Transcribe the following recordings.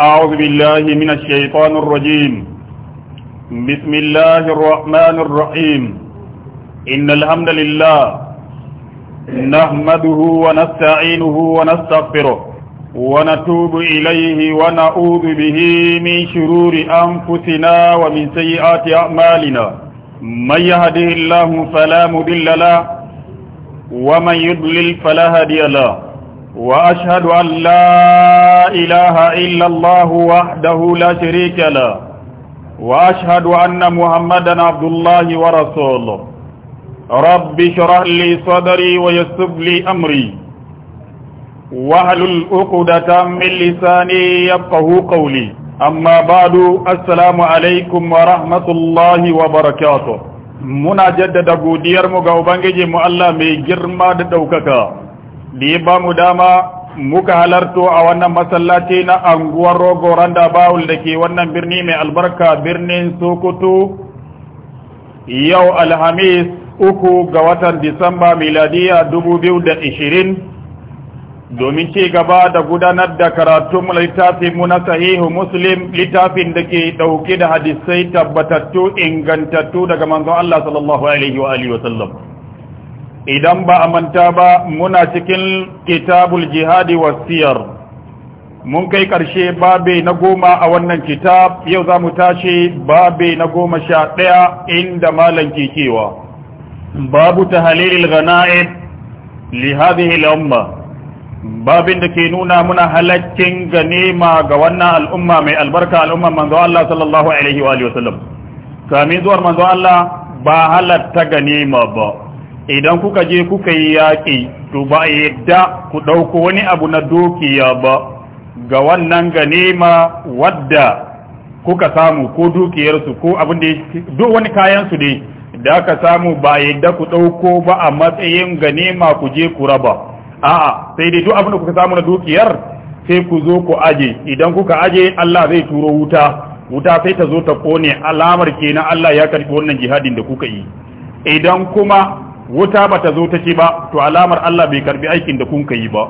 أعوذ بالله من الشيطان الرجيم بسم الله الرحمن الرحيم إن الحمد لله نحمده ونستعينه ونستغفره ونتوب إليه ونعوذ به من شرور أنفسنا ومن سيئات أعمالنا من يهده الله فلا مضل له ومن يضلل فلا هادي له وأشهد أن لا إله إلا الله وحده لا شريك له وأشهد أن محمدا عبد الله ورسوله رب شرح لي صدري ويسر لي أمري واحلل عقدة من لساني يفقه قولي أما بعد السلام عليكم ورحمة الله وبركاته منا جدد أبو mu ga ubangiji mu Allah da ya ba mu dama muka halarto a wannan masallaci na anguwar rogo randa bawul da ke wannan birni mai albarka birnin sokoto yau alhamis uku ga watan disamba miladiya ishirin domin cigaba gaba da gudanar da karatun littafin mu na sahihu muslim littafin da ke dauke da hadisai tabbatattu ingantattu daga manzon Allah sallallahu alaihi wa sallam idan ba a manta ba muna cikin kitabul jihadi wa siyar mun kai ƙarshe babe na goma a wannan kitab yau za mu tashi babe na goma sha ɗaya inda malam ke cewa babu ta halilil gana'ib li hadhihi umma babin da ke nuna muna halaccin ganima ga wannan al'umma mai albarka al'umma manzo Allah sallallahu alaihi wa kamin zuwar manzo Allah ba halatta ganima ba idan kuka je kuka yi yaƙi to ba a yadda ku ɗauko wani abu na dukiya ba ga wannan ganima wadda kuka samu ko dukiyarsu ko abin da duk wani kayansu ne da aka samu ba a yadda ku ɗauko ba a matsayin ganima ku je ku raba a'a sai dai duk abin da kuka samu na dukiyar sai ku zo ku aje idan kuka aje Allah zai turo wuta wuta sai ta zo ta kone alamar kenan Allah ya karɓi wannan jihadin da kuka yi idan kuma wuta bata zo ta ce ba to alamar Allah bai karbi aikin da kun yi ba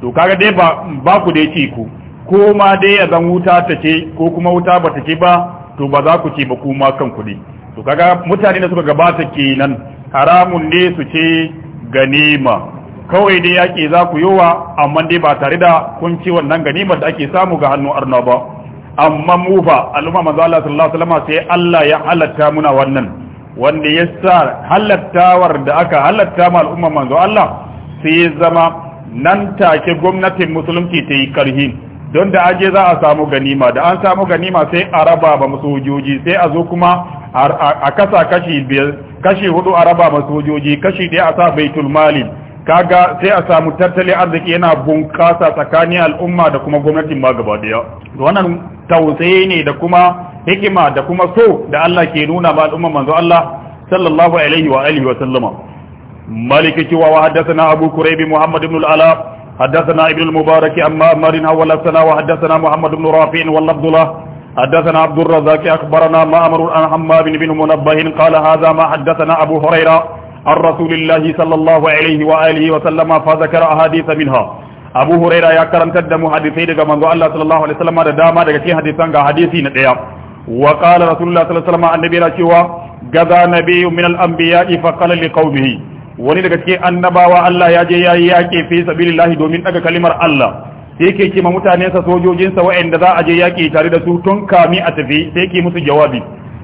to kaga dai ba ba ku dai ci ku ko ma dai ya zan wuta ta ce ko kuma wuta bata ce ba to ba za ku ce ba kuma kanku ne to kaga mutane da suka gabata kenan haramun ne su ce ganima kawai dai yaƙi za ku yowa amma dai ba tare da kun ci wannan ganimar da ake samu ga hannu arna ba amma mu fa al'umma manzo Allah sallallahu alaihi wasallam sai Allah ya halatta muna wannan wanda ya sa halattawar da aka halatta ma al'umma manzo Allah sai ya zama nan take gwamnatin musulunci ta yi karhi don da aje za a samu ganima da an samu ganima sai a raba ba masojoji sai a zo kuma a kasa kashi biyar kashi hudu a raba ma kashi ɗaya a sa baitul mali kaga sai a samu tattalin arziki yana bunƙasa tsakanin al'umma da kuma gwamnatin ma gaba daya wannan tausayi ne da kuma hikima da kuma so da Allah ke nuna ma al'umman manzo Allah sallallahu alaihi wa alihi wa sallama مالك وحدثنا أبو كريب محمد بن العلاء حدثنا ابن المبارك عن مأمر أول سنة وحدثنا محمد بن رافع واللفظ له حدثنا عبد الرزاق أخبرنا مأمر عن حماد بن منبه قال هذا ما حدثنا أبو هريرة عن رسول الله صلى الله عليه وآله وسلم فذكر أحاديث منها أبو هريرة يا كرم تدم حديثي دقا منذ الله صلى الله عليه وسلم داما دقا حديثا حديثي نتيا wa qala rasulullah sallallahu alaihi wasallam annabi yana cewa gaza nabiyyu min al-anbiya'i fa qala li wani daga cikin annabawa Allah ya je yayi yaki fi sabilillahi domin daga kalimar Allah sai yake ce ma mutanensa sojojinsa waɗanda za a je yaki tare da su tun kami a tafi sai yake musu jawabi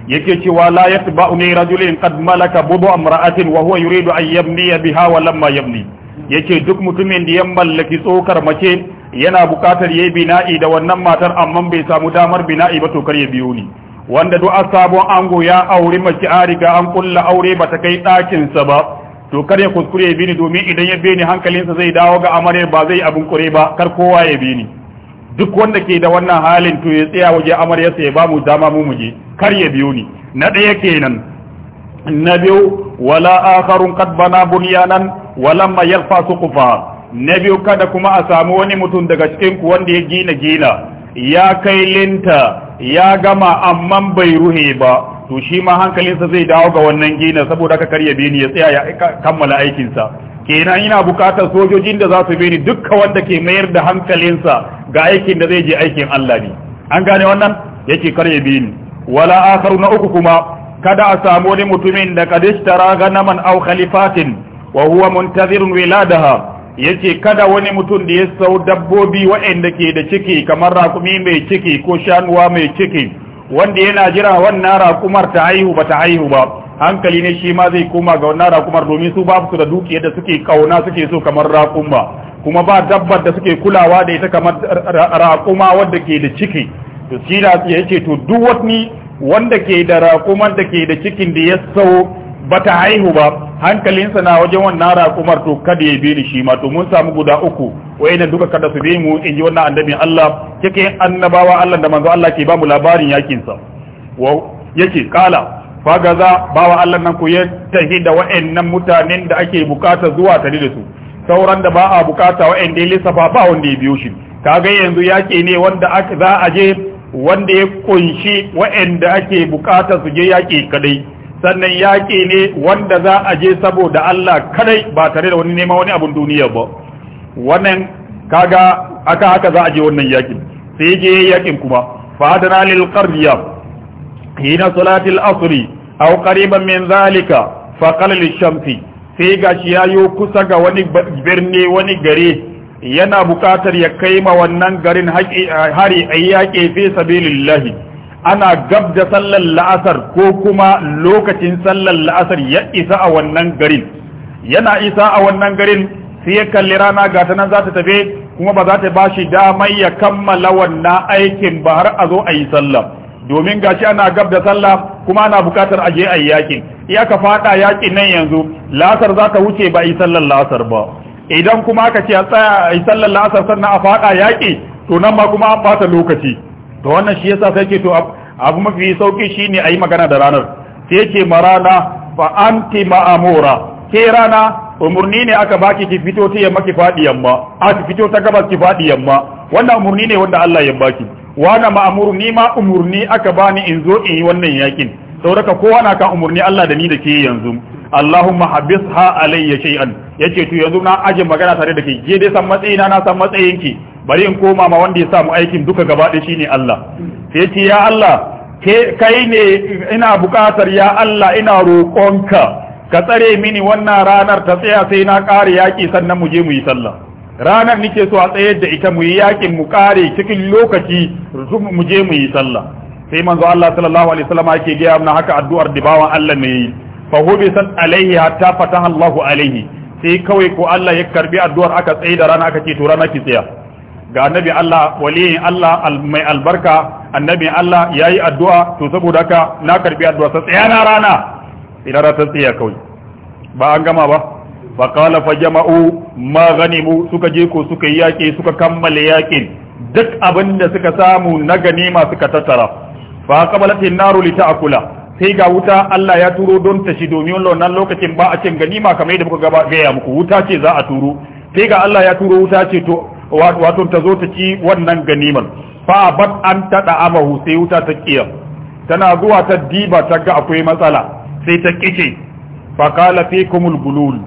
yake cewa la yatba'u ni rajulin qad malaka budu amra'atin wa huwa yuridu an yabni biha wa lamma yabni yake duk mutumin da ya mallaki tsokar mace yana bukatar yayi bina'i da wannan matar amma bai samu damar bina'i ba to kar ya biyo ni wanda du'a sabon ango ya aure mace a riga an kulla aure ba ta kai ɗakin sa ba to kar ya kuskure ya bi ni domin idan ya bi ni sa zai dawo ga amaryar ba zai abin kure ba kar kowa ya bi ni duk wanda ke da wannan halin to ya tsaya waje amaryarsa ya ba mu dama mu muje kar ya biyo ni na ɗaya kenan na biyu wala akharun qad bana bunyanan walamma yalfa suqufa na biyu kada kuma a samu wani mutum daga cikin ku wanda ya gina gina ya kai linta ya gama amma bai ruhe ba to shi ma hankalinsa zai dawo ga wannan gina saboda ka karya bini ya tsaya ya kammala aikinsa kenan ina bukatar sojojin da za su bini dukka wanda ke mayar da hankalinsa ga aikin da zai je aikin Allah ne an gane wannan yake karya bini wala akharu na uku kuma kada a samu wani mutumin da kadishtara ganaman aw khalifatin wa huwa muntazirun wiladaha yace kada wani mutum da ya sau dabbobi waɗanda ke da ciki kamar rakumi mai ciki ko shanuwa mai ciki wanda yana jira wannan rakumar ta haihu ba ta haihu ba hankali ne shi ma zai koma ga wannan rakumar domin su ba su da dukiyar da suke kauna suke so kamar rakuma kuma ba dabbar da suke kulawa da ita kamar rakuma wanda ke da ciki to shi da ce to duk wani wanda ke da rakuman da ke da cikin da ya sau bata haihu ba hankalinsa na wajen wannan raƙumar to kada ya bi ni shi ma to mun samu guda uku wayannan duka kada su bi mu in ji wannan annabi Allah cikin annabawa Allah da manzo Allah ke ba mu labarin yakin sa wa yake kala fagaza bawa Allah nan ku ya tafi da wayannan mutanen da ake bukata zuwa tare da su sauran da ba a bukata wayanda ya lissafa ba wanda ya biyo shi kaga yanzu yake ne wanda za a je wanda ya kunshi wayanda ake bukata su je yaki kadai sannan yaƙi ne wanda za a je saboda Allah kadai ba tare da wani nema wani abun duniya ba wannan kaga aka haka za a je wannan yaƙin sai je yaƙin kuma fadana lil qarya hina salati al asri aw qariban min zalika fa qala lil shamsi sai ga gashi yayo kusa ga wani birni wani gare yana bukatar ya kai ma wannan garin hari a fi sabilillahi ana gab da sallar la'asar ko kuma lokacin sallar la'asar ya isa a wannan garin yana isa a wannan garin sai ya kalli rana ga ta nan za ta tafi kuma ba za ta ba shi damar ya kammala wannan aikin ba har a zo a yi sallah domin gashi ana gab da sallah kuma ana bukatar aje a yi yakin ya ka fada yakin nan yanzu la'asar za ta wuce ba a yi sallar la'asar ba idan kuma aka ce a tsaya a yi sallar la'asar sannan a faɗa yaki to nan ma kuma an bata lokaci Da wannan shi yasa sai ke to abu mafi sauki shine ayi magana da ranar sai yake marana fa anti ma'amura ke rana umurni ne aka baki ki fito ta yamma ki fadi yamma a ki fito ta gabas ki fadi yamma wannan umurni ne wanda Allah ya baki wana ma'amuru ni ma umurni aka bani in zo in yi wannan yakin sauraka kowa na kan umurni Allah da ni da ke yanzu Allahumma habisha alayya shay'an yace to yanzu na aje magana tare da ke je dai san matsayina na san matsayinki bari in koma ma wanda ya samu aikin duka gaba ɗaya shine Allah sai ce ya Allah kai ne ina buƙatar ya Allah ina roƙonka ka tsare mini wannan ranar ta tsaya sai na ƙare yaƙi sannan mu je mu yi sallah ranar nake so a tsayar da ita mu yi yaƙin mu ƙare cikin lokaci mu je mu yi sallah sai manzo Allah sallallahu alaihi wasallam yake gaya na haka addu'ar da bawan Allah ne fa hubi san alaihi hatta fataha Allahu alaihi sai kawai ko Allah ya karbi addu'ar aka tsaye da rana aka ce to rana ki tsaya ga annabi Allah waliyin Allah mai albarka annabi Allah yayi addu'a to saboda haka na karbi addu'a sa tsaya rana idan ra ta tsaya kawai ba an gama ba fa qala fa jama'u ma ganimu suka je ko suka yi yaƙi suka kammala yaƙin duk abin da suka samu na ganima suka tattara fa qabalatin naru li ta'kula sai ga wuta Allah ya turo don ta shi domin wannan lokacin ba a cin ganima kamar yadda muka gaya muku wuta ce za a turo sai ga Allah ya turo wuta ce to wato ta zo ta ci wannan ganimar fa bat an ta amahu sai wuta ta kiya tana zuwa ta diba ta ga akwai matsala sai ta kike fa qala fikumul bulul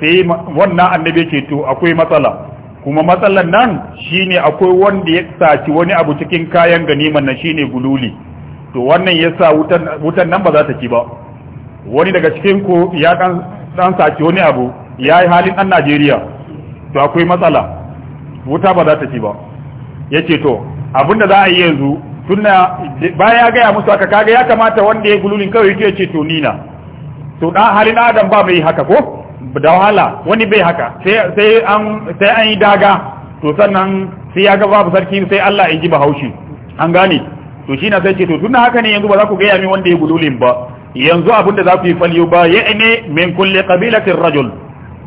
sai wannan annabi ce to akwai matsala kuma matsalan nan shine akwai wanda ya saci wani abu cikin kayan ganiman nan shine gululi to wannan yasa wutan wutan nan ba za ta ci ba wani daga cikin ku ya dan dan saci wani abu yayi halin dan Najeriya to akwai matsala wuta ba za ta ci ba yace to abinda za a yi yanzu tunna baya ya gaya musu aka kaga ya kamata wanda ya gululin kawai ya ce to nina to dan halin adam ba mai haka ko da wahala wani bai haka sai an sai an yi daga to sannan sai ya ga babu sarki sai Allah ya ji bahaushi an gane to shi na sai ce to tunna haka ne yanzu ba za ku gaya min wanda ya gululin ba yanzu abin da za ku yi falyo ba ya ne min kulli qabilatin rajul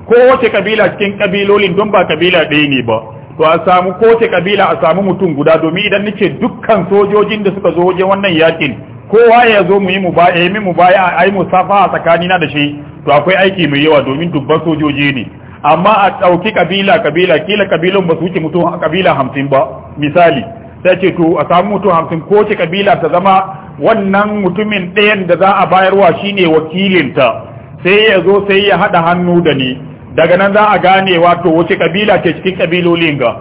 ko wace kabila cikin kabilolin don ba kabila ɗaya ne ba to a samu kowace kabila a samu mutum guda domin idan nace dukkan sojojin da suka zo wajen wannan yakin kowa ya zo mu yi mu baya eh, yi mu baya yi musafa a na da shi to akwai aiki mai yawa domin dubban sojoji ne amma a ɗauki kabila kabila kila kabilun ba su wuce mutum a kabila hamsin ba misali sai ce to a samu mutum hamsin ko ce kabila ta zama wannan mutumin ɗayan da za a bayarwa shine wakilinta sai ya zo sai ya haɗa hannu da ni daga nan za a gane wato wace kabila ce cikin kabilolin ga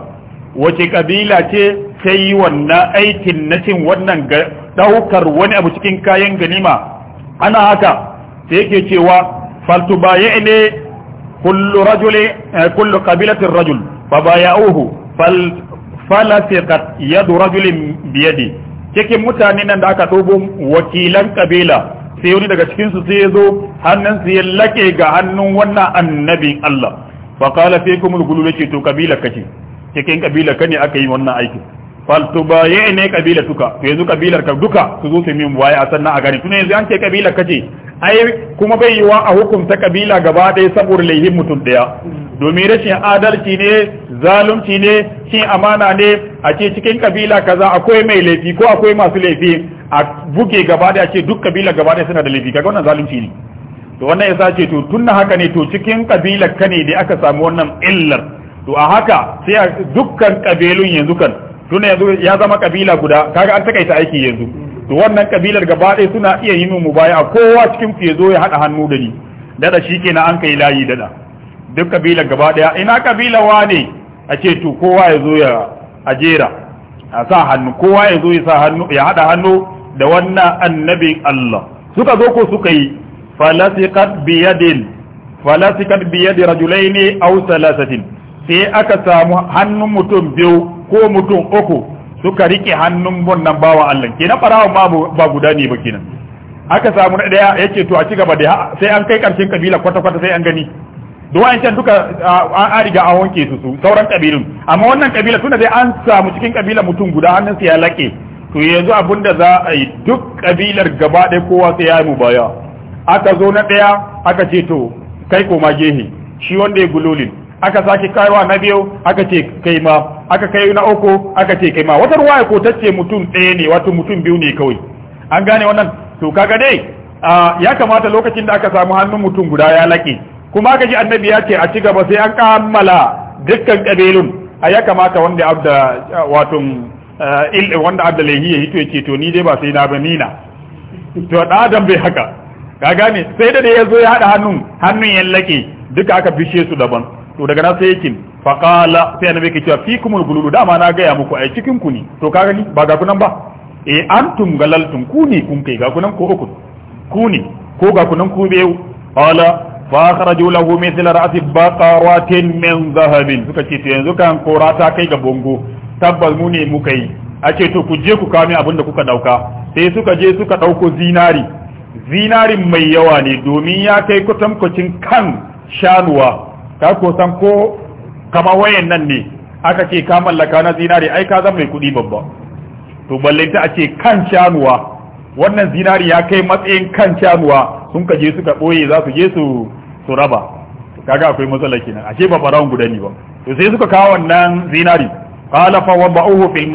wace kabila ce ta yi wannan aikin na cin wannan ɗaukar wani abu cikin kayan ganima ana haka sai yake cewa baye ne kullu rajuli eh, kullu qabilatin rajul fa bayauhu fal falasiqat yadu rajulin biyadi cikin mutane nan da aka dubo wakilan kabila sai wani daga cikinsu su sai ya zo hannunsu ya laƙe ga hannun wannan annabin Allah fa qala fikum al-gulul ce to kabila kace cikin kabila ka ne aka yi wannan aikin fal tubayine kabilatuka to yanzu kabilar ka duka su zo su min waye a sannan a gani tun yanzu an ce kabila kace ai kuma bai yiwa a hukunta kabila gaba ɗaya saboda laihin mutum ɗaya domin rashin adalci ne zalunci ne cin amana ne a ce cikin kabila kaza akwai mai laifi ko akwai masu laifi a buge gaba da ce duk kabila gaba da suna da laifi kaga wannan zalunci ne to wannan yasa ce to tunna haka ne to cikin kabilar ka ne da aka samu wannan illar to a haka sai dukkan kabilun yanzu kan tunna yanzu ya zama kabila guda kaga an takaita aiki yanzu to wannan kabilar gaba da suna iya yi mu baya kowa cikin ku zo ya haɗa hannu da ni dada shikenan an kai layi dada duk kabilar gaba ɗaya ina kabila wane a ce to kowa ya zo ya ajera a sa hannu kowa ya zo ya sa hannu ya haɗa hannu da wannan annabin Allah suka zo ko suka yi falasikat biyadin falasikat biyadi rajulaini aw salasatin sai aka samu hannun mutum biyu ko mutum uku suka rike hannun wannan bawa Allah kenan farawa ma ba guda ne ba kenan aka samu na daya yace to a cigaba da sai an kai karshen kabila kwata kwata sai an gani duwan can duka an riga an wanke su sauran kabilun amma wannan kabila tunda dai an samu cikin kabila mutum guda hannun sa ya lake to yanzu abin da za a yi duk kabilar gaba ɗaya kowa sai ya yi mu baya aka zo na ɗaya aka ce to kai koma gehe shi wanda ya gulolin aka sake kaiwa na biyu aka ce kai ma aka kai na uku aka ce kai ma wata ya ko ce mutum ɗaya ne wato mutum biyu ne kawai an gane wannan to kaga dai ya kamata lokacin da aka samu hannun mutum guda ya laƙe kuma aka ji annabi ya ce a ci gaba sai an kammala dukkan kabilun a ya kamata wanda abda wato Eh, wanda adda laihi ya hito yake to ni dai ba sai na ba nina to da adam bai haka ka gane sai da ya zo ya hada hannun hannun yallake duka aka bishe su daban to daga nan sai yake faqala sai annabi yake cewa fikumul gululu dama na gaya muku ai cikin ku ne to ka gani ba ga kunan ba e antum galaltum ku ne kun kai ga kunan ko uku ku ne ko ga kunan ku biyu qala kharaju lahu mithla ra'si baqaratin min dhahabin suka ce to yanzu kan kora ta kai ga bongo tabbas mu ne muka yi a ce to ku je ku kame abin da kuka dauka sai suka je suka dauko zinari zinari mai yawa ne domin ya kai kwatankwacin kan shanuwa ka ko san ko kama wayan nan ne aka ce ka mallaka na zinari ai ka zama mai kuɗi babba to ballinta a ce kan shanuwa wannan zinari ya kai matsayin kan shanuwa sun ka je suka ɓoye za su je su raba kaga akwai matsala kenan ashe ba farawon guda ne ba to sai suka kawo wannan zinari qala fa wada'uhu fil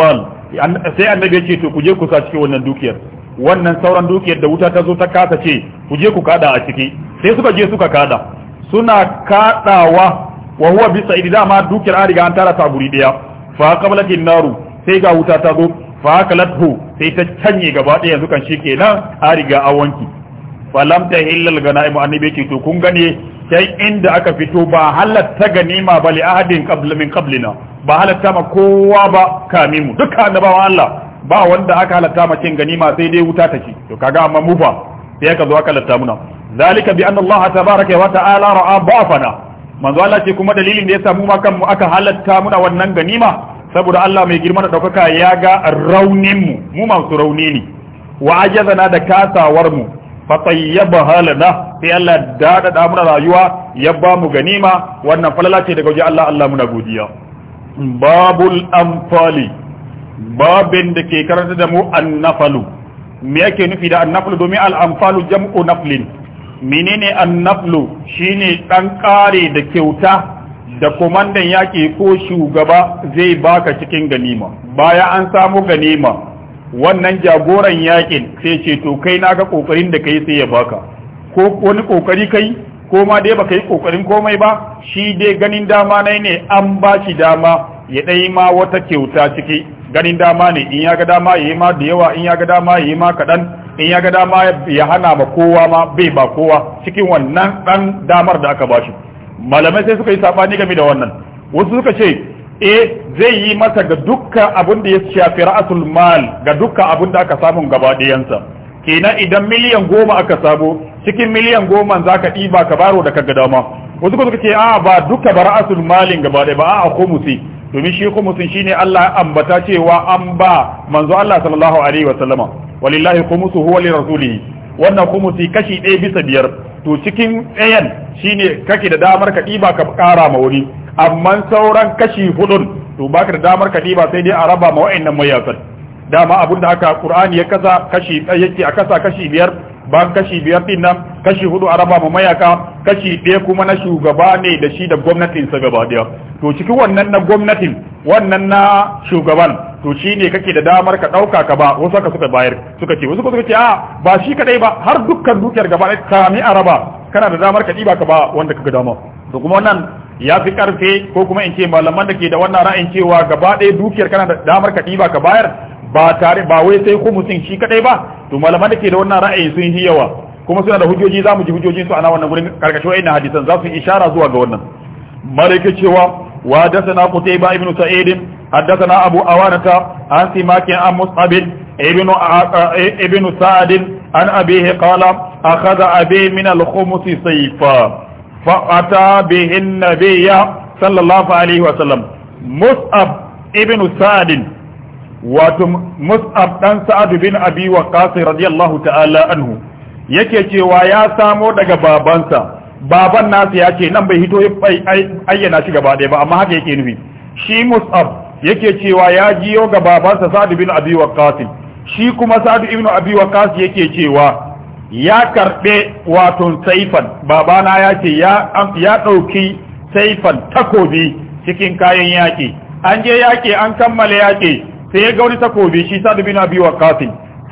sai annabi ya ce to ku je ku sa wannan dukiyar wannan sauran dukiyar da wuta ta zo ta kasa ce kuje je ku kada a ciki sai suka je suka kada suna kadawa wa huwa bi sa'idi dama dukiyar an riga an tara ta guri daya fa qablat naru sai ga wuta ta zo fa kalathu sai ta canye gaba daya yanzu kan nan an riga an wanki falam ta hillal ganaimu annabi ya ce to kun gane dan inda aka fito ba halatta ganima ba li ahadin qabl min qablina ba halatta ma kowa ba kamin duka annabawan Allah ba wanda aka halatta ma cin ganima sai dai wuta ta ci to kaga amma mu ba sai aka zo aka halatta muna zalika bi anna Allah tabaaraka wa ta'ala ra'a ba'fana manzo Allah ce kuma dalilin da ya samu ma kanmu aka halatta muna wannan ganima saboda Allah mai girma da daukaka ya ga raunin mu mu masu rauni ne wa ajazana da kasawar mu fatayyaba halana sai Allah dada da muna rayuwa ya ba mu ganima wannan falala ce daga wajen Allah Allah muna godiya babul amfali babin da ke karanta da mu annafalu me yake nufi da annafalu domin al-amfalu jam'u naflin menene annaflu shine dan kare da kyauta da komandan yaƙi ko shugaba zai baka cikin ganima baya an samu ganima wannan jagoran yakin sai ce to kai na ga kokarin da kai sai ya baka ko wani kokari kai ko ma dai baka yi kokarin komai ba shi dai ganin dama nai ne an ba shi dama ya dai ma wata kyauta ciki ganin dama ne in ya ga dama yayi ma da yawa in ya ga dama yayi ma kadan in ya ga dama ya hana ma kowa ma bai ba kowa cikin wannan dan damar da aka ba shi malamai sai suka yi sabani game da wannan wasu suka ce eh zai yi masa ga dukkan abin da ya shafi ra'asul mal ga dukkan abin da aka samu gaba ɗayansa kenan idan miliyan goma aka sabo cikin miliyan goma za ka ɗiba ka baro da kaga dama wasu kuma suka ce a ba dukka ba ra'asul malin gaba ɗaya ba a kumusi domin shi kumusin shine Allah ambata cewa an ba manzo Allah sallallahu alaihi wa sallama walillahi khumusu huwa lirrasulihi wannan su kashi ɗaya bisa biyar to cikin ɗayan shine kake da damar ka ɗiba ka ƙara ma wuri amma sauran kashi hudun to baka da damar ka ɗiba sai dai a raba ma wa'annan mayasan dama da aka qur'ani ya kasa kashi yake a kasa kashi biyar ban kashi biyar din nan kashi hudu a raba ma mayaka kashi ɗaya kuma na shugaba ne da shi da gwamnatinsa gaba ɗaya to cikin wannan na gwamnatin wannan na shugaban to shi ne kake da damar ka dauka ka ba wasu ka suka bayar suka ce wasu suka ce a ba shi kadai ba har dukkan dukiyar gaba ɗaya kami araba kana da damar ka diba ka ba wanda kaga dama to kuma wannan ya fi karfe ko kuma in ce malaman da ke da wannan ra'ayin cewa gaba ɗaya dukiyar kana da damar ka diba ka bayar ba tare ba wai sai kumusin shi kadai ba to malaman da ke da wannan ra'ayi sun yi yawa kuma suna da hujjoji za mu ji hujjojin su ana wannan gurin karkashin wayannan hadisan za su ishara zuwa ga wannan malaika cewa wa dasana qutayba ibnu sa'id حدثنا أبو أوانة عن سماك عن مصعب ابن ابن سعد عن أبيه قال أخذ أبي من الخمس سيفا فأتى به النبي صلى الله عليه وسلم مصعب ابن سعد واتم مصعب بن سعد بن أبي وقاص رضي الله تعالى عنه yake cewa ya samo daga babansa baban nasa ya ce nan bai hito ayyana shi gaba ɗaya ba amma haka yake nufi shi mus'ab yake cewa ya jiyo ga babansa Sa'd bin Abi Waqqas shi kuma Sa'd ibn Abi Waqqas yake cewa ya karbe wato saifan babana ya ce ya ya dauki saifan takobi cikin kayan yaki an je yaki an kammala yaki sai ya ga wani takobi shi Sa'd bin Abi Waqqas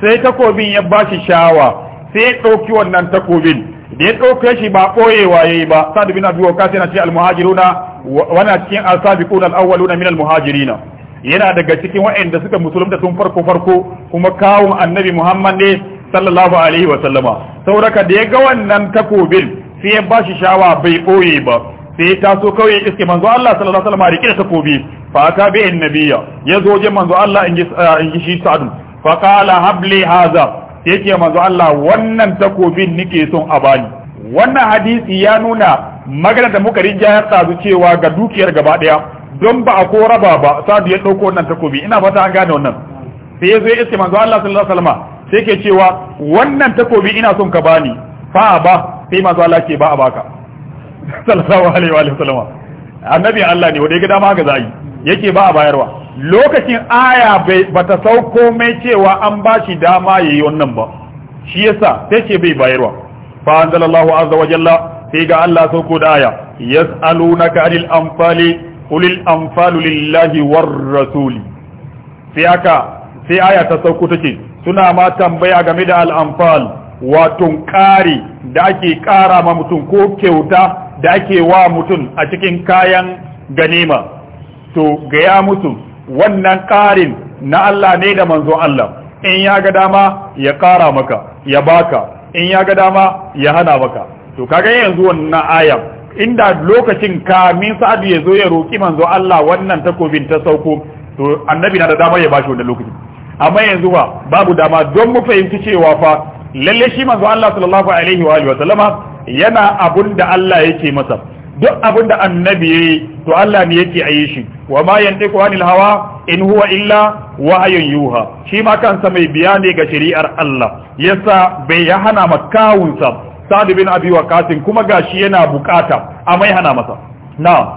sai takobin ya bashi shawa sai ya dauki wannan takobin da ya dauke shi ba boyewa yayi ba Sa'd bin Abi Waqqas yana ce al-muhajiruna wana cikin asabiqun al-awwaluna min al-muhajirina yana daga cikin waɗanda suka musulunta sun farko farko kuma kawun annabi Muhammad ne sallallahu alaihi wa sallama sauraka da ya ga wannan takobin sai ya bashi shawa bai boye ba sai ta so kawai ya iske manzo Allah sallallahu alaihi wa sallama rike da takobi fa aka bi annabiya ya zo je manzo Allah in ji eh, shi sa'adu fa qala habli hadha yake manzo Allah wannan takobin nike son a bani wannan hadisi ya nuna magana da muka ya tsazu cewa ga dukiyar gaba daya don ba a ko raba ba sadu ya ɗauko wannan takobi ina fata an gane wannan sai ya zo ya iske manzo Allah sallallahu alaihi wasallam sai ke cewa wannan takobi ina son ka bani fa ba sai manzo Allah ke ba a baka sallallahu alaihi wa sallam annabi Allah ne wanda ya ga dama ga zai yake ba a bayarwa lokacin aya bata sauko mai cewa an bashi dama yayi wannan ba shi yasa sai ce bai bayarwa fa anzalallahu azza wa jalla sai ga Allah sauko da aya yas'alunaka anil anfali qulil anfalu lillahi war rasuli sai aka sai aya ta sauko take suna ma tambaya game da al anfal wato kari da ake kara ma mutum ko kyauta da ake wa mutum a cikin kayan ganima to gaya mutum wannan karin na Allah ne da manzo Allah in ya ga dama ya kara maka ya baka in ya ga dama ya hana maka to kaga yanzu wannan aya, inda lokacin kamin sa'adu ya zo ya roki manzo Allah wannan takobin ta sauko to annabi na da dama ya bashi wannan lokacin amma yanzu ba babu dama don mu fahimci cewa fa lalle shi manzo Allah sallallahu alaihi wa alihi wa sallama yana abun da Allah yake masa duk abun da annabi yayi to Allah ne yake ayi shi wa ma yantiqu anil hawa in huwa illa wahayun yuha shi ma kansa mai biya ne ga shari'ar Allah yasa bai ya hana makawunsa sa'ad bin abi waqas kuma gashi yana bukata amai hana masa na'am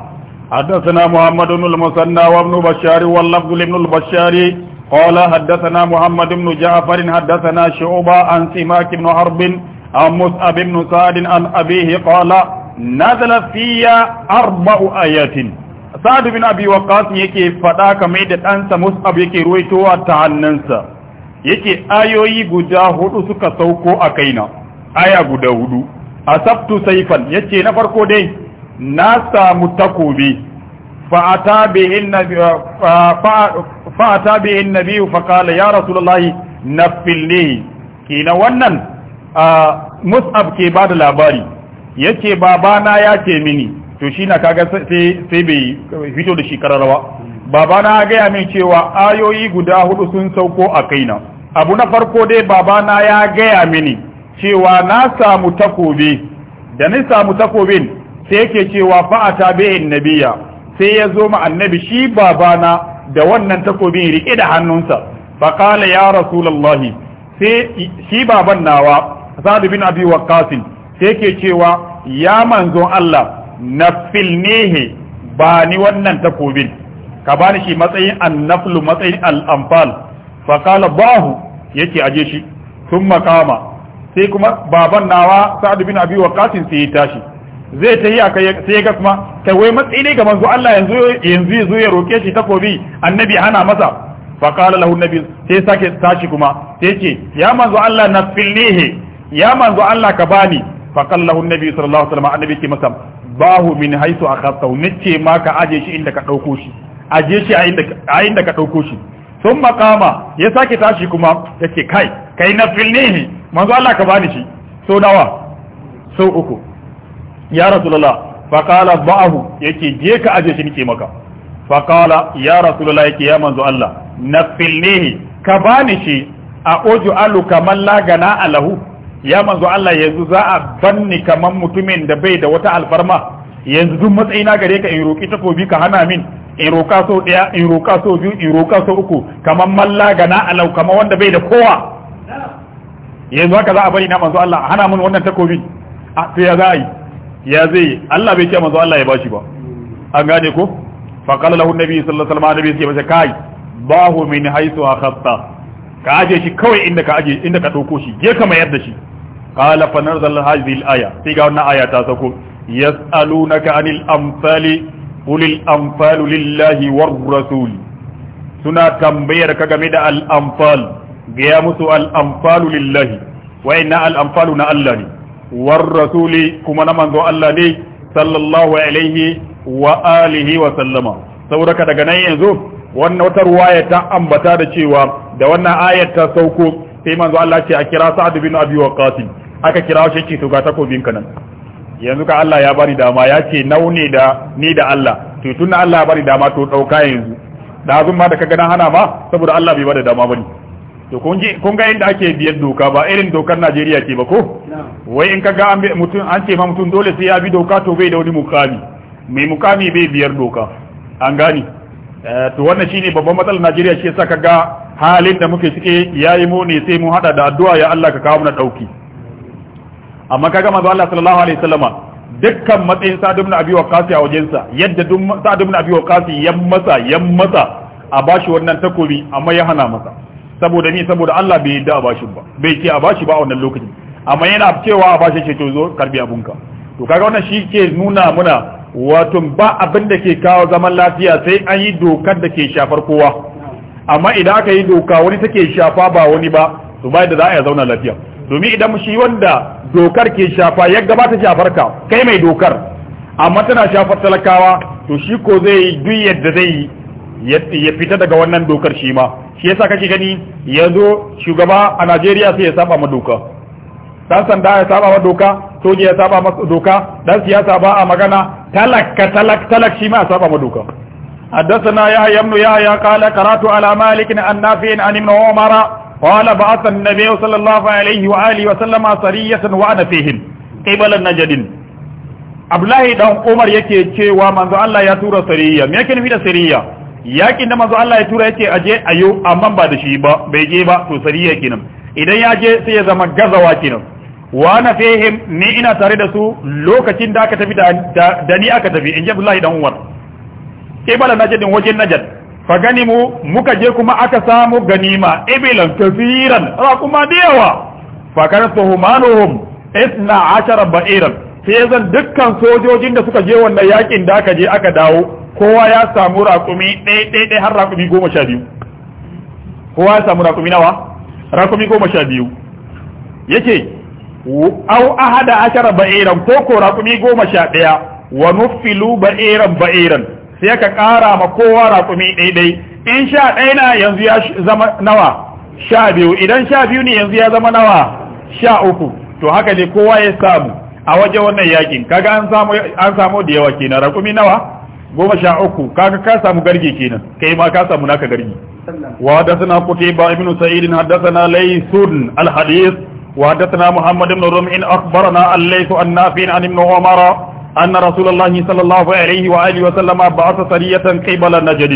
حدثنا محمد بن المثنى وابن بشار واللفظ لابن البشار قال حدثنا محمد بن جعفر حدثنا شعبة عن سماك بن حرب عن مصعب بن سعد عن أبيه قال نزل في أربع آيات سعد بن أبي وقاص يكي فتاك ميدة أنسى مصعب يكي رويتو وتعننسى يكي آيوي قجاه رسك سوكو أكينا aya guda hudu saftu saifan ya ce na farko dai na samu takobi fa'ata bihin biyu faƙala ya rasulullahi na fili kina wannan mus'ab ke ba da labari ya ce babana ya ce mini to shi na kaga sai bai fito da shi ba babana ya gaya min cewa ayoyi guda hudu sun sauko a kaina abu na farko dai babana ya gaya mini cewa na samu takobi da ni samu takobin sai yake cewa fa'ata bihin nabiya sai ya zo ma annabi shi babana da wannan takobin riƙe da hannunsa faƙala ya rasulallahi sai shi baban nawa sa'ad bin abi waqqas sai yake cewa ya manzon Allah nafilnihi ba ni wannan takobin ka bani shi matsayin annaflu matsayin al'amfal faƙala bahu yake aje shi tun makama sai kuma baban nawa sa'ad bin abi waqas sai ya tashi zai ta aka sai ya kuma kai wai matsayi ne ga manzo Allah yanzu yanzu yazo ya roke shi takobi annabi hana masa fa qala lahu annabi sai sake tashi kuma sai ce ya manzo Allah nafilnihi ya manzo Allah ka bani fa qala lahu annabi sallallahu alaihi wasallam annabi ki masa bahu min haitu akhadtahu nace ma ka aje shi inda ka dauko shi aje shi a inda a inda ka dauko shi sun makama ya sake tashi kuma yake kai kai na filnihi manzo Allah ka bani shi so nawa so uku ya rasulullah fa qala ba'ahu yake je ka aje shi nike maka fa qala ya rasulullah yake ya manzo Allah nafilnihi ka bani shi a oju alu kaman la gana alahu ya manzo Allah yanzu za a banni kaman mutumin da bai da wata alfarma yanzu duk matsayina gare ka in roki takobi ka hana min in roka so daya in roka so biyu in roka so uku kaman mallaga gana alau kaman wanda bai da kowa yanzu haka za a bari na manzo Allah a hana mun wannan takobi a to ya zai ya zai Allah bai ce manzo Allah ya bashi ba an gane ko fa qala lahu nabi sallallahu alaihi wasallam nabi sai masa kai bahu min haythu akhatta ka aje shi kawai inda ka aje inda ka dauko shi je ka mayar da shi qala fa narzal hadhihi al-aya sai ga wannan aya ta sako yas'alunaka anil amsali qul al-amsalu lillahi war rasul suna tambayar ka game da al-amsal gaya musu al'amfalu lillahi wa inna al'amfalu na Allah ne war rasuli kuma na manzo Allah ne sallallahu alaihi wa alihi wa sallama saboda daga nan yanzu wannan wata ruwaya ta ambata da cewa da wannan ayat ta sauko sai manzo Allah ce a kira Sa'ad bin Abi Waqqas aka kira shi ce to ga takobin ka nan yanzu ka Allah ya bari dama ya ce ne da ni da Allah to tunda Allah ya dama to dauka yanzu da ma da kaga dan hana ma saboda Allah bai bada dama bane to kun ga inda ake biyar doka ba irin dokar Najeriya ce ba ko wai in ka ga mutum an ce ma mutum dole sai ya bi doka to bai da wani mukami mai mukami bai biyar doka an gani eh, to wannan shine babban matsalar Najeriya shi yasa ga halin da muke cike yayi mu ne sai mu hada da addu'a ya Allah ka kawo mana ɗauki. amma kaga manzo Allah sallallahu alaihi wasallama dukkan matsayin Sa'd ibn Abi Waqqas a wajensa yadda duk Sa'd ibn Abi Waqqas ya masa ya masa a bashi wannan takobi amma ya hana masa saboda ni saboda Allah bai yadda a bashi ba bai ce a bashi ba a wannan lokacin amma yana cewa a bashi ce to zo karbi abunka to kaga wannan shi ke nuna muna wato ba abin da ke kawo zaman lafiya sai an yi dokar da ke shafar kowa amma idan aka yi doka wani take shafa ba wani ba to bai da za a zauna lafiya domin idan shi wanda dokar ke shafa ya gabata shafar ka kai mai dokar amma tana shafar talakawa to shi ko zai yi duk yadda zai yi ya fita daga wannan dokar shi ma shi yasa kake gani yanzu shugaba a Najeriya sai ya saba ma doka dan sanda ya saba ma doka soja ya saba ma doka dan siyasa ba a magana talak ka talak talak shi ma ya saba ma doka حدثنا يحيى بن يحيى قال قرات على مالك عن نافع عن ابن عمر قال بعث النبي wa الله عليه واله وسلم سريه وانا فيهم قبل النجد Abdullahi dan Umar yake cewa manzo Allah ya tura sariya me yake nufi da sariya Yaƙin da mazu Allah ya tura yake aje yau, amma ba da shi ba bai je ba to sariya kenan idan ya je sai ya zama gazawa kenan wa na fahim ni ina tare da su lokacin da aka tafi da ni aka tafi in ji dan Umar sai bala naje din wajen najad fa gani mu muka je kuma aka samu ganima ibilan kafiran ra kuma da yawa fa karatuhu manuhum 12 ba'iran sai zan dukkan sojojin da suka je wannan yakin da aka je aka dawo kowa ya samu raƙumi ɗaya ɗaya ɗaya har raƙumi goma sha biyu kowa ya samu raƙumi nawa raƙumi goma sha biyu yake au ahada ashara ba'iran ko ko raƙumi goma sha ɗaya wa nufilu ba'iran ba'iran sai ka ƙara ma kowa raƙumi ɗaya ɗaya in sha ɗaya na yanzu ya zama nawa sha biyu idan sha biyu ne yanzu ya zama nawa sha uku to haka ne kowa ya samu a waje wannan yakin kaga an samu an samu da yawa kenan raƙumi nawa goma sha uku kaga ka samu garge kenan kai ma ka samu naka garge wa hadathana qutayba ibn sa'id hadathana laysun al hadith wa hadathana muhammad ibn rum'in akhbarana al layth an nafi' an ibn umara أن رسول الله صلى الله عليه وآله وسلم بعث سرية قبل النجد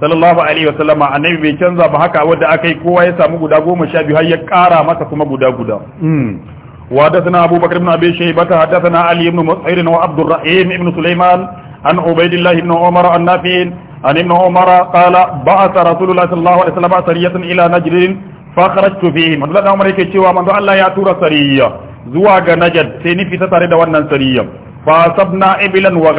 sallallahu wa sallama annabi bai canza ba haka wadda akai kowa ya samu guda goma sha biyu har ya kara masa kuma guda guda hmm. wa da sana ila najrin fa kharajtu fihi man cewa man allah ya tura sariya zuwa ga najd sai ni fita tare da wannan sariya fa ibilan wa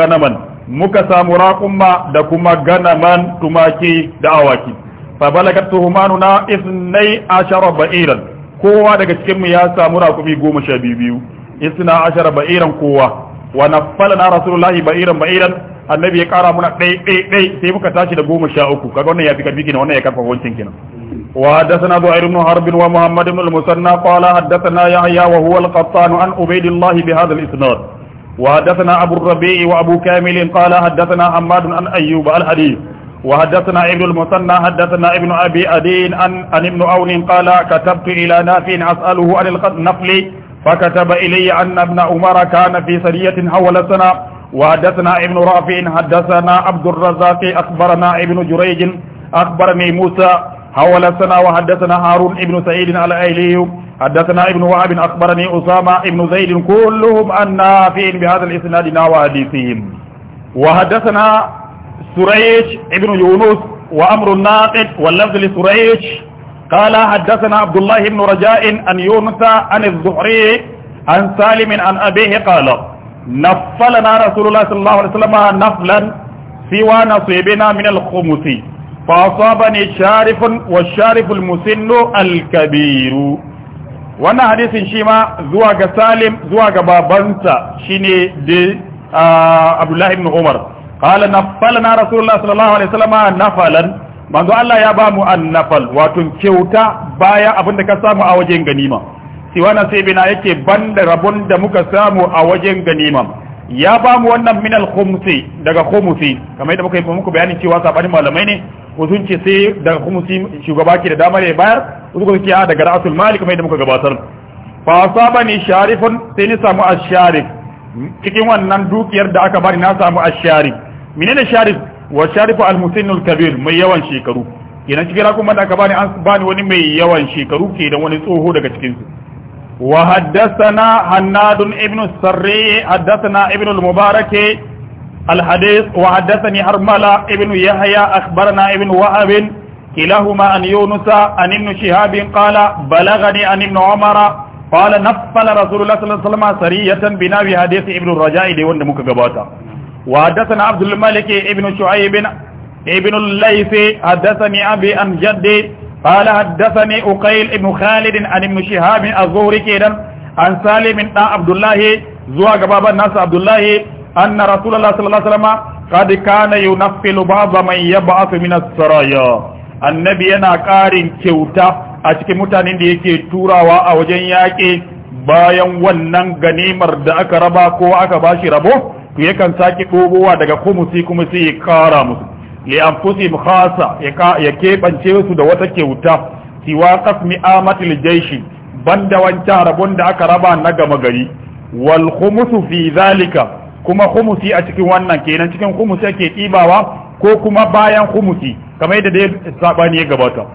muka samu raƙumma da kuma ganaman tumaki da awaki fa balagat na isnai ashara ba'iran kowa daga cikin mu ya samu raƙumi goma sha biyu biyu isna ashara ba'iran kowa wa na rasulullahi ba'iran ba'iran annabi ya kara muna ɗai ɗai ɗai sai muka tashi da goma sha uku kaga wannan ya fi karfi kenan wannan ya karfafa wancan kenan وحدثنا زهير بن حرب ومحمد بن المثنى قال حدثنا يحيى وهو القطان عن عبيد الله بهذا الاسناد وحدثنا أبو الربيع وأبو كامل قال حدثنا حماد عن أيوب الحديث وحدثنا ابن المثنى حدثنا ابن أبي أدين عن, عن ابن أون قال كتبت إلى ناف أسأله عن النفل فكتب إلي أن ابن عمر كان في سرية حول سنة وحدثنا ابن رافع حدثنا عبد الرزاق أخبرنا ابن جريج أخبرني موسى حول سنة وحدثنا هارون ابن سعيد الأيلي حدثنا ابن وهب أخبرني أسامة ابن زيد كلهم عن نافع بهذا الإسناد نحو حديثهم وحدثنا سريج ابن يونس وأمر الناقد واللفظ لسريج قال حدثنا عبد الله بن رجاء أن يونس عن الزهري عن سالم عن أبيه قال نفلنا رسول الله صلى الله عليه وسلم نفلا سوى نصيبنا من الخمس فأصابني شارف والشارف المسن الكبير wannan hadisin shi ma zuwa ga salim zuwa ga babansa shine da abdullahi ibn umar qala na rasulullah sallallahu alaihi wasallam nafalan manzo Allah ya ba mu annafal wato kyauta baya abinda ka samu a wajen ganima wannan sai bina yake banda rabon da muka samu a wajen ganima ya ba mu wannan minal al-khumsi daga khumsi kamar yadda muka yi muku bayanin cewa sabanin malamai ne sun ce sai daga khumsi shugaba ke da damar ya bayar wasu kuma ce a ah, daga ra'asul mali kamar yadda muka gabatar fa asabani sharifun sai ni samu ash-sharif cikin wannan dukiyar da aka bani na samu ash-sharif menene sharif wa sharifu al-musinnu al-kabir mai yawan shekaru kenan cikin rakun da aka bani an bani wani mai yawan shekaru ke da wani tsoho daga cikin su وحدثنا حناد ابن السري حدثنا ابن المبارك الحديث وحدثني حرملة ابن يحيى أخبرنا ابن وهب كلاهما أن يونس أن ابن شهاب قال بلغني أن ابن عمر قال نفل رسول الله صلى الله عليه وسلم سرية بنا حديث ابن الرجاء دي وند مكغباتا وحدثنا عبد الملك ابن شعيب ابن الليث حدثني أبي أن جدي قال حدثني أقيل بن خالد عن ابن شهاب الزهري كيدن عن سالم بن عبد الله زوا بابا الناس عبد الله أن رسول الله صلى الله عليه وسلم قد كان ينفل بعض من يبعث من annabi yana ƙarin kyauta a cikin mutanen da yake turawa a wajen yaƙi bayan wannan ganimar da aka raba ko aka ba shi rabo to yakan sake ɗogowa daga kumusi kuma sai ya kara musu li anfusi khasa ya keɓance su da wata kyauta siwa qasmi amatil jaishi banda wancan rabon da aka raba na gama gari wal khumus fi zalika kuma khumusi a cikin wannan kenan cikin khumusi ake ɗibawa ko kuma bayan khumusi kamar yadda dai sabani ya gabata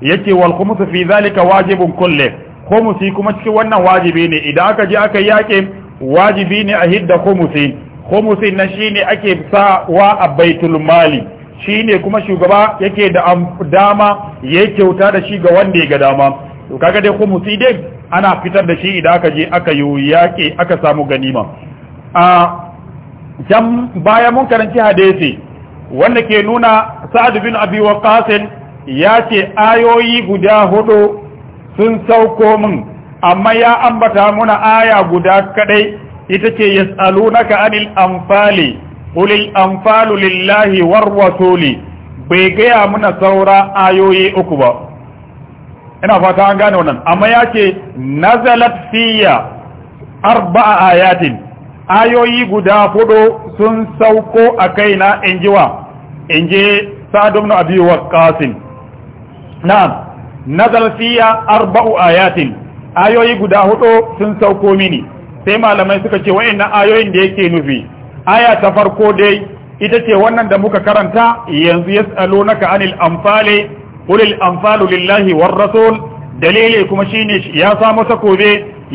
yake wal khumus fi zalika wajibun kulle khumusi kuma cikin wannan wajibi ne idan aka je aka yake wajibi ne a hidda khumusi khumusi na shine ake sa wa a baitul mali Shi ne kuma shugaba yake da dama ya kyauta da shi ga wanda ya ga dama to kaga dai khumusi dai ana fitar da shi idan aka je aka yi yaƙi aka samu ganima a can baya mun karanci hadisi wanda ke nuna sa'ad bin abi waqas ya ce ayoyi guda hudu sun sauko min amma ya ambata muna aya guda kadai ita ce yas'alunaka anil anfali ulil anfalu lillahi war rasuli bai gaya muna saura ayoyi uku ba ina fata an gane wannan amma ya ce nazalat fiya arba'a ayatin ayoyi guda hudu sun sauko a kaina in jiwa in je sadum ibn abi kasin na'am nazalat fiya arba'u ayatin ayoyi guda hudu sun sauko mini sai malamai suka ce wa'annan ayoyin da yake nufi aya ta farko dai ita ce wannan da muka karanta yanzu yas'alunaka anil amfali qulil amfalu lillahi war rasul dalili kuma shine ya samu sakobe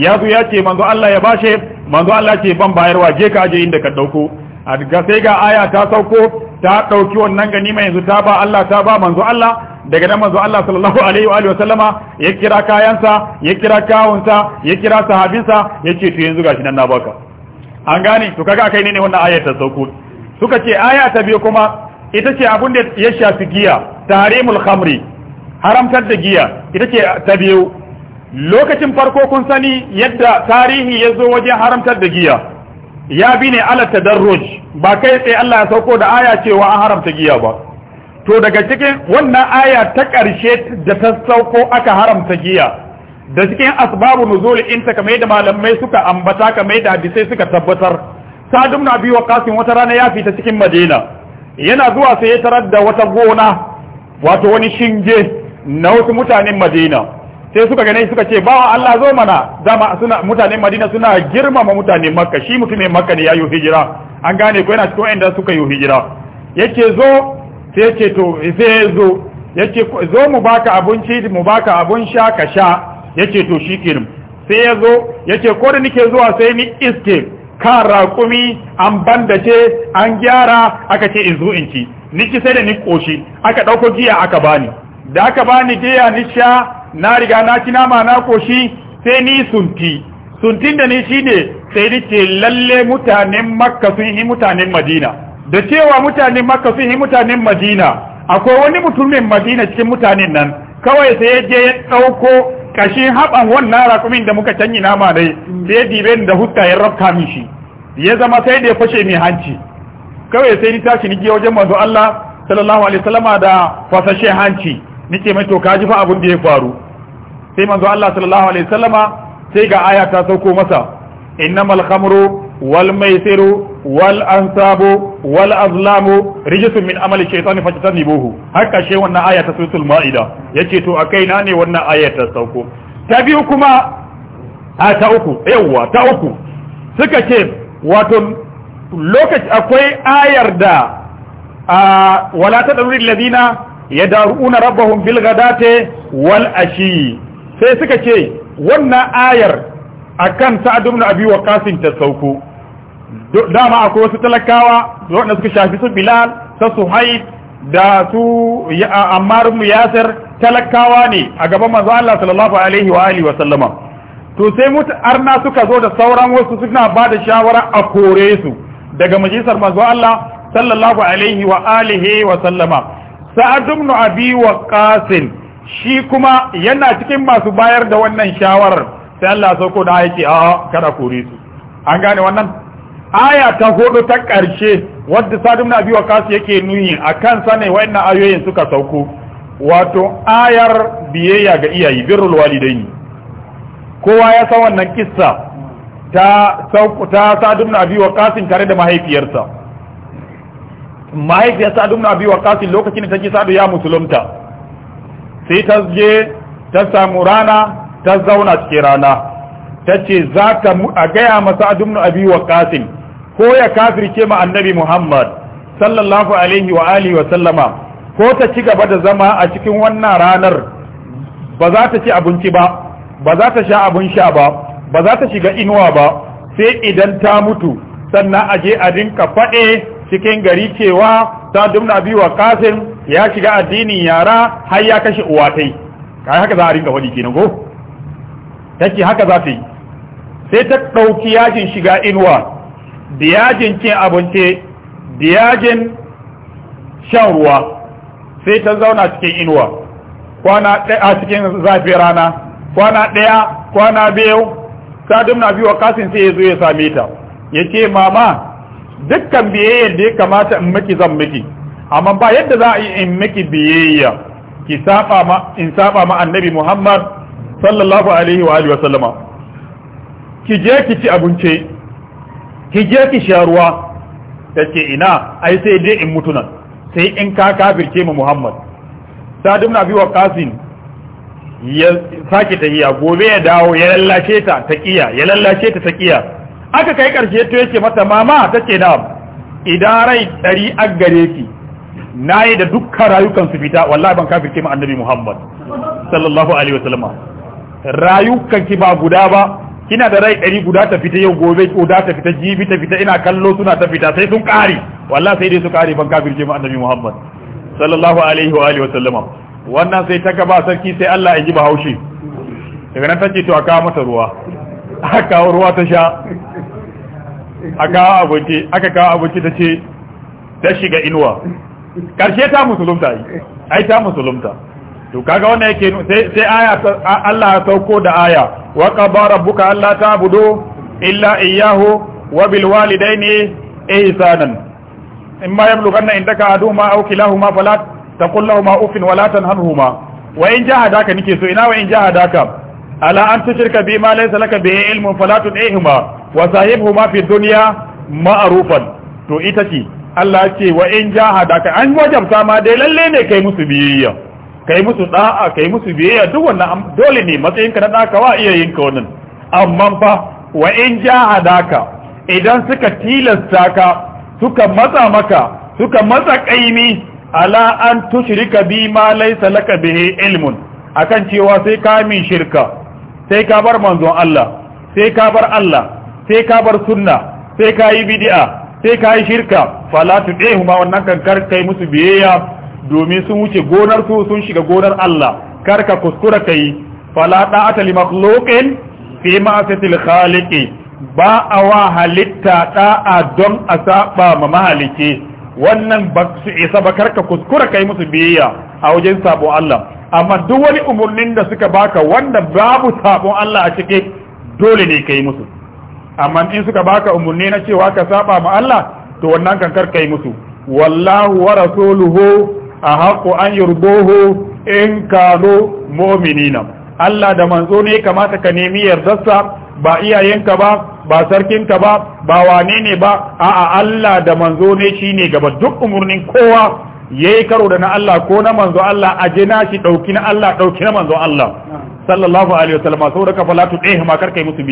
ya zo ya ce manzo Allah ya bashe manzo Allah ce ban bayarwa je ka aje inda ka dauko a ga sai ga aya ta sauko ta ɗauki wannan ganima yanzu ta ba Allah ta ba manzo Allah daga nan manzo Allah sallallahu alaihi wa alihi wasallama ya kira kayansa ya kira kawunsa ya kira sahabinsa ce to yanzu gashi nan na baka an gane to kaga akai ne wannan ayar ta sauko suka ce aya ta biyu kuma ita ce abin da ya shafi giya tarimul khamri haramtar da giya ita ce ta biyu lokacin farko kun sani yadda tarihi ya zo wajen haramtar da giya ya bi ne ala tadarruj ba kai sai Allah ya sauko da aya cewa an haramta giya ba to daga cikin wannan aya ta ƙarshe da ta sauko aka haramta giya da cikin asbabu nuzul inta kamar yadda malamai suka ambata kamar yadda hadisai suka tabbatar Sadum na abi kasin wata rana ya fita cikin madina yana zuwa sai ya tarar da wata gona wato wani shinge na wasu mutanen madina sai suka gane suka ce bawa Allah zo mana dama suna mutanen madina suna girmama mutanen makka shi mutumin makka ne ya yi hijira an gane ko yana cikin wanda suka yi hijira yake zo sai yake to sai zo yake zo mu baka abinci mu baka abun sha ka sha yace to shi kenan sai ya zo yace ko da nike zuwa sai ni iske kan raƙumi an bandace an gyara aka ce in zo in ci ni ki sai da ni koshi aka ɗauko giya aka bani da aka bani giya ni sha na riga na ci nama na koshi sai ni sunti suntin da ni shine sai ni ce lalle mutanen makka sun yi mutanen madina da cewa mutanen makka sun yi mutanen madina akwai wani mutumin madina cikin mutanen nan kawai sai ya je ya ɗauko Kashi haɓan wannan rakumin da muka canyi nama da ya dibe da hutta ya rabta mishi ya zama sai da ya fashe mai hanci kawai sai ni tashi nike wajen manzo Allah sallallahu alaihi wasallama da fasashe hanci nike mai to kaji fa abin da ya faru sai manzo Allah sallallahu alaihi wasallama sai ga aya ta sauko masa innamal khamru wal maisiru wal ansabu wal azlamu rijsun min amali shaytani fajtanibuhu haka she wannan aya ta suratul maida yace to akai ne wannan aya ta sauko ta biyu kuma a uku yawa ta uku suka ce wato lokaci akwai ayar da a wala tadrul ladina yadaruna rabbahum bil ghadati wal ashi sai suka ce wannan ayar akan sa'ad ibn abi waqas ta sauko dama akwai wasu talakawa waɗanda suka shafi su bilal ta Haid, da su ammar mu yasir talakawa ne a gaban manzo Allah sallallahu alaihi wa alihi wa sallama to sai mutu arna suka zo da sauran wasu suna ba da shawara a kore su daga majalisar manzo Allah sallallahu alaihi wa alihi wa sallama sa'ad ibn abi qasim shi kuma yana cikin masu bayar da wannan shawarar sai Allah sauko da yake a kada kore su an gane wannan aya ta hudu ta ƙarshe wanda sadu na biyu kasu yake nuni akan sane wa'annan ayoyin suka sauko wato ayar biyayya ga iyayi birrul walidaini kowa ya san wannan kissa ta sauko ta sadu na biyu kasin tare da mahaifiyarsa mahaifiyar sadu na biyu kasin lokacin da take sadu ya musulunta sai ta je ta samu rana ta zauna cikin rana ta ce za ta a gaya masa adumnu abi wa kasin ko ya kafirce ma annabi Muhammad sallallahu alaihi wa alihi wa sallama ko ta ci gaba da zama a cikin wannan ranar ba za ta ci abinci ba ba za ta sha abin sha ba ba za ta shiga inuwa ba sai idan ta mutu sannan a je a dinka faɗe cikin gari cewa ta dumna biyu wa kasin ya shiga addinin yara har ya kashe uwatai kai haka za a rinka wani kenan ko take haka za ta yi sai ta ɗauki yajin shiga inuwa diyajin cin abinci diyajin shan ruwa sai ta zauna cikin inuwa kwana a cikin zafi rana kwana ɗaya kwana biyu sadum na biyu kasin sai ya zo ya same ta ya ce mama dukkan biyayyar da ya kamata in miki zan miki amma ba yadda za a yi in miki biyayya ki saba ma in saba ma annabi Muhammad sallallahu alaihi wa alihi wa sallama ki je ki ci abinci ki je ki sha ruwa tace ina ai sai dai in mutu nan sai in ka kafirce mu Muhammad Sa'd bi wa Waqqas ya sake tahiya gobe ya dawo ya lallace ta taqiya ya lallace ta taqiya aka kai karshe to yake mata mama tace na idan rai dari aggare ki nayi da dukkan rayukan su fita wallahi ban kafirce mu annabi Muhammad sallallahu alaihi wasallam rayukan ki ba guda ba kina da rai ɗari guda ta fita yau gobe guda ta fita jibi ta fita ina kallo suna ta fita sai sun ƙari wallahi sai dai su ƙari ban kafirce mu annabi Muhammad sallallahu alaihi wa alihi wa sallama wannan sai ta gaba sarki sai Allah ya ji haushi. daga nan tace to aka mata ruwa aka kawo ruwa ta sha aka kawo abinci aka kawo abinci ta ce ta shiga inuwa karshe ta musulunta ai ta musulunta to kaga wannan yake sai sai aya Allah ya sauko da aya wa qaba rabbuka alla ta'budu illa iyyahu wa bil walidayni ihsanan imma yablughanna indaka aduma aw kilahuma fala taqul lahumā uffin wa la tanharhumā wa in jahadaka nike so ina wa in jahadaka ala an tushrika bima laysa laka bihi ilmin fala tud'ihuma wa sahibhuma fi dunya ma'rufan to ita ce Allah ce wa in jahadaka an wajabta ma dai lalle ne kai musu biyayya kai musu da'a kai musu biyayya duk wannan dole ne matsayin ka na da'a kawa iya yin ka wannan amma fa wa in jahadaka idan suka tilasta ka suka matsa maka suka matsa kaimi ala an tushrika bi ma laysa laka bihi ilmun akan cewa sai ka min shirka sai ka bar manzon Allah sai ka bar Allah sai ka bar sunna sai ka yi bid'a sai ka yi shirka fala tudehuma wannan kankar kai musu biyayya domin sun wuce gonar su sun shiga gonar Allah karka ka kuskura kai fala da'ata li makhluqin fi ma'asatil khaliqi ba a wa halitta da'a don a saba ma mahalike wannan ba su isa ba karka kuskura kai musu biyayya a wajen sabo Allah amma duk wani umurnin da suka baka wanda babu sabon Allah a cike dole ne kai musu amma in suka baka umurni na cewa ka saba ma Allah to wannan kan karka musu wallahu wa rasuluhu ahaqqu an yurduhu in kano mu'minina Allah da manzo ne kamata ka nemi yardarsa ba iyayenka ba ba sarkinka ba ba wane ne ba a'a Allah da manzo ne ne gaba duk umarnin kowa yayi karo da na Allah ko na manzo Allah a jina shi ɗauki na Allah dauki na manzo Allah sallallahu alaihi sau da ka fala tudai ma kar yi musu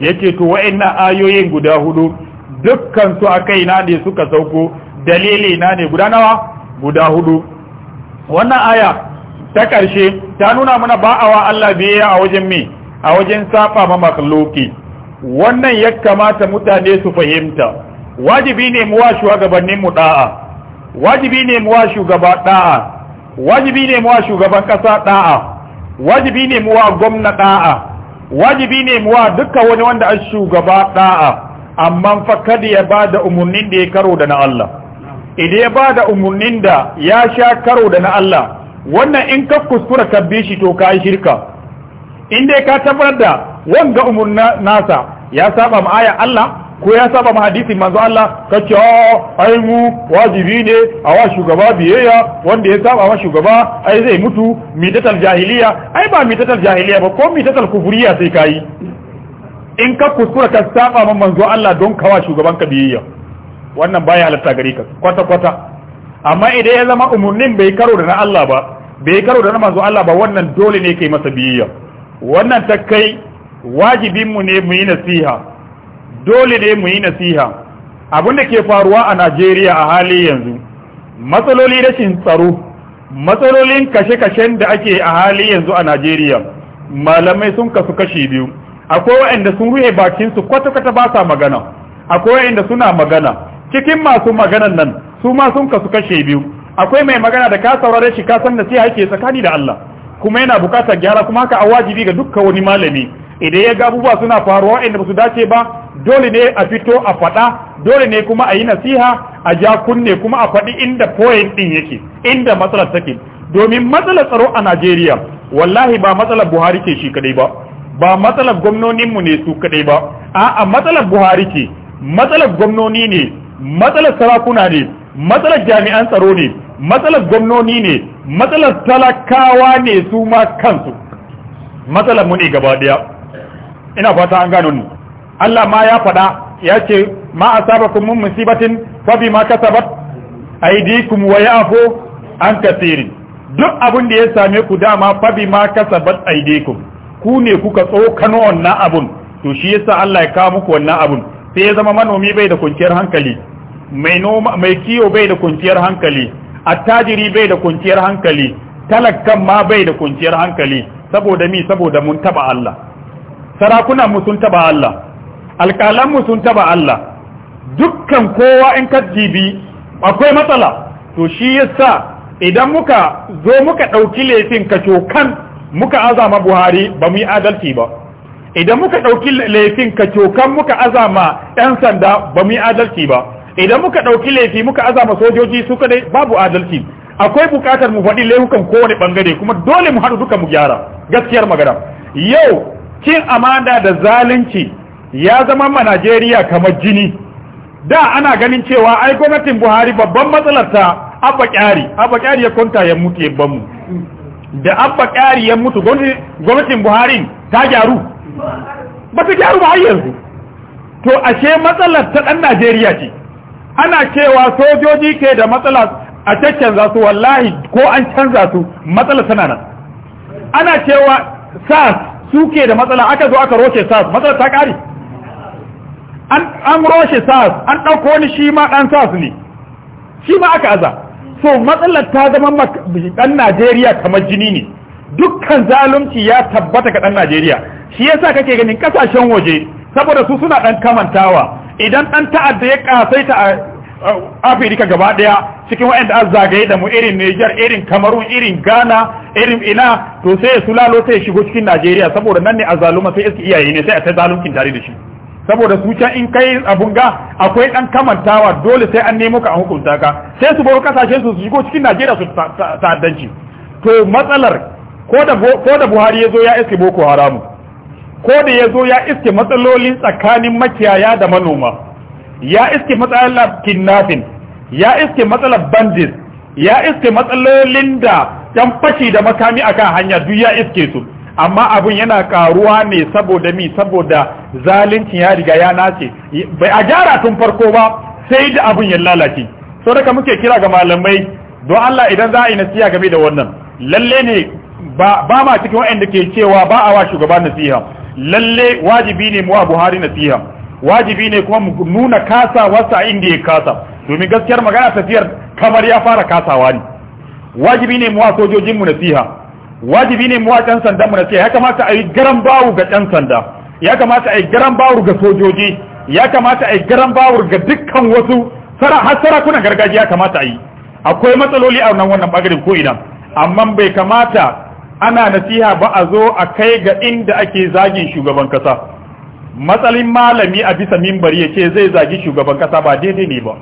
ya ce to wa'annan ayoyin guda hudu dukkan su kai na ne suka sauko dalili na ne guda nawa guda hudu wannan aya ta ƙarshe ta nuna mana ba'awa Allah biyayya a wajen me a wajen safa ma makhluki wannan ya kamata mutane su fahimta wajibi ne mu wa shugabannin mu da'a wajibi ne mu wa shugaba da'a wajibi ne mu wa shugaban kasa da'a wajibi ne mu wa gwamna da'a wajibi ne mu wa duka wani wanda an shugaba ɗa'a, amma fa kada ya da umarnin da ya karo da na Allah idan ya ba da umarnin da ya sha karo da na Allah wannan in ka kuskura ka bi shi to ka yi shirka in dai ka tabbatar da wanga umarnin nasa ya saba ma aya Allah ko ya saba ma hadisi manzo Allah ka ce oh, ai mu wajibi ne a wa shugaba biyayya wanda ya saba ma shugaba ai zai mutu mitatal jahiliya ai ba mitatal jahiliya ba ko mitatal kufuriya sai kai in ka kuskura ka saba ma manzo Allah don kawa shugaban ka biyayya wannan baya halatta gare ka kwata kwata amma idan ya zama umurnin bai karo da na Allah ba bai karo da na manzo Allah ba wannan dole ne kai masa biyayya wannan ta kai wajibin mu ne mu yi nasiha dole ne mu yi nasiha abin da ke faruwa a Najeriya a hali yanzu matsaloli rashin tsaro matsalolin kashe-kashen da ake a hali yanzu a Najeriya malamai sun kasu kashi biyu akwai waɗanda sun ruhe bakin su kwata-kwata ba sa magana akwai waɗanda suna magana cikin masu maganan nan su ma sun kasu kashe biyu akwai mai magana da ka saurare shi ka san nasiha yake tsakani da Allah kuma yana bukatar gyara kuma haka a wajibi ga dukkan wani malami idan ya ga abubuwa suna faruwa inda ba su dace ba dole ne a fito a faɗa dole ne kuma a yi nasiha a ja kunne kuma a faɗi inda point ɗin yake inda matsalar take domin matsalar tsaro a Najeriya wallahi ba matsalar Buhari ke shi kadai ba ba matsalar gwamnoninmu ne su kadai ba a'a matsalar Buhari ke matsalar gwamnoni ne matsalar sarakuna ne matsalar jami'an tsaro ne matsalar gwamnoni ne matsalar talakawa ne su ma kansu matsalar muni gaba daya ina fata an gano ni Allah ma ya faɗa ya ce ma asabakum min musibatin fa bima kasabat aydikum wa yafu an kathirin duk abun da ya same ku dama fa bima kasabat aydikum ku ne kuka tsokano wannan abun to shi yasa Allah ya kawo muku wannan abun sai ya zama manomi bai da kwanciyar hankali mai noma mai kiyo bai da kunciyar hankali attajiri bai da kunciyar hankali talakkan ma bai da kunciyar hankali saboda mi saboda mun taba Allah sarakunan mu sun taba Allah alƙalan mu sun taba Allah dukkan kowa in jibi akwai matsala to shi yasa idan muka zo muka ɗauki laifin kacokan muka azama buhari ba mu yi adalci ba idan muka ɗauki laifin kacokan muka azama 'yan sanda ba mu yi adalci ba idan muka ɗauki laifi muka azama sojoji su kadai babu adalci akwai bukatar mu faɗi laifukan kowane ɓangare, kuma dole mu haɗu duka mu gyara gaskiyar magana yau cin amana da zalunci ya zama ma Najeriya kamar jini da ana ganin cewa ai gwamnatin Buhari babban matsalar ta abba kyari abba kyari ya kwanta ya mutu ya bamu. da abba kyari ya mutu gwamnatin Buhari ta gyaru ba ta gyaru ba har yanzu to ashe matsalar ta dan Najeriya ce ana cewa sojoji ke da matsala a canza su wallahi ko an canza su matsala tana nan ana cewa sas suke da matsala aka zo aka roce sas matsala ta kare an roce sas an ɗauko ni shi ma ɗan sas ne shi ma aka aza so matsalar ta zama ɗan najeriya kamar jini ne dukkan zalunci ya tabbata ga ɗan najeriya shi yasa kake ganin ƙasashen waje saboda su suna ɗan kamantawa idan ɗan ta'adda ya kasaita a afirka gaba ɗaya cikin wa'anda an zagaye da mu irin niger irin kamarun irin ghana irin ina to sai ya lalo sai ya shigo cikin najeriya saboda nan ne a zaluma sai iska iyaye ne sai a ta zaluncin tare da shi saboda su can in kai abun ga akwai ɗan kamantawa dole sai an nemo ka a hukunta ka sai su baro kasashen su su shigo cikin najeriya su ta'addanci to matsalar ko da buhari ya zo ya iske boko haramu ko da ya zo ya iske matsaloli tsakanin makiyaya da manoma ya iske matsalar kinnafin, ya iske matsalar bandit ya iske matsalolin da ɗan fashi da makami akan hanya duk ya iske su amma abin yana karuwa ne saboda mi saboda zalincin ya riga ya nace bai a gyara tun farko ba sai da abin ya lalace So daga muke kira ga malamai don Allah idan za a yi nasiha game da wannan lalle ne ba ma cikin waɗanda ke cewa ba a wa shugaba nasiha lalle wajibi ne mu a buhari nasiha wajibi ne kuma nuna kasa wasa inda ya kasa domin gaskiyar magana tafiyar kamar ya fara kasawa ne wajibi ne mu a sojojin mu nasiha wajibi ne mu a ɗan sanda mu nasiha ya kamata a yi garan bawu ga ɗan sanda ya kamata a yi garan bawu ga sojoji ya kamata a yi garan bawu ga dukkan wasu sara har sarakunan gargajiya kamata a yi akwai matsaloli a nan wannan bagarin ko ina amma bai kamata ana nasiha ba a zo a kai ga inda ake zagin shugaban kasa matsalin malami a bisa mimbari ya ce zai zagi shugaban kasa ba daidai ne ba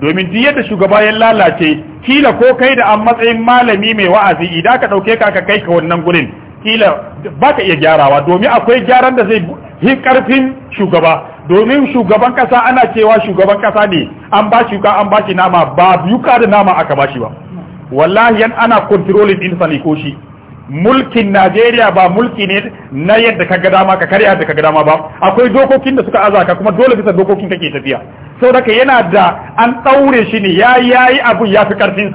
domin duk yadda shugaba ya lalace kila ko kai da an matsayin malami mai wa'azi idan ka ɗauke ka ka kai ka wannan gurin kila ba ka iya gyarawa domin akwai gyaran da zai yi karfin shugaba domin shugaban kasa ana cewa shugaban kasa ne an ba shi an ba shi nama ba yuka da nama aka ba shi ba wallahi yan ana controlling din sani ko shi mulkin Najeriya ba mulki ne na yadda ka ga dama ka karya da ka ga dama ba akwai dokokin da suka azaka kuma dole bisa dokokin kake tafiya sau daga yana da an ɗaure shi ne ya yi abun ya fi karfin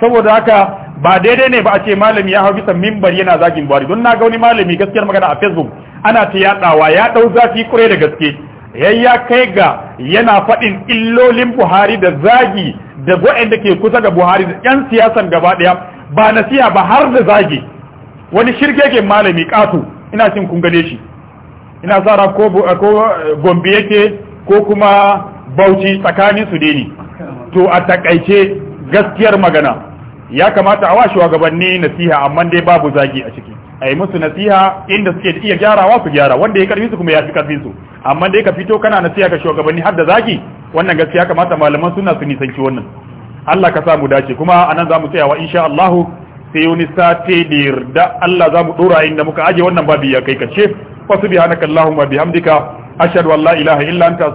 saboda haka ba daidai ne ba a ce malami ya hau bisa mimbar yana zagin Buhari don na ga wani malami gaskiyar magana a Facebook ana ta yadawa ya ɗau zafi kure da gaske ya kai ga yana faɗin illolin Buhari da zagi da da ke kusa ga Buhari da 'yan siyasan gaba ɗaya ba nasiha ba har da zagi wani shirkeken malami ƙato ina cin kun gane shi ina tsara ko eh, gombe yake ko kuma bauchi tsakanin su ne to a takaice gaskiyar magana ya kamata a washe gabanni nasiha amma dai babu zagi a ciki a yi musu nasiha inda suke iya gyarawa su gyara wanda ya karfi su kuma ya fi karfin su amma dai ka fito kana nasiha ga shugabanni har da zagi wannan gaskiya kamata malaman suna su nisanci wannan Allah ka samu dace kuma anan za mu tsayawa insha Allah sai wani da yarda Allah za mu dora inda muka aje wannan babu ya kai kace fa subhanakallahumma bihamdika ashhadu an la ilaha illa anta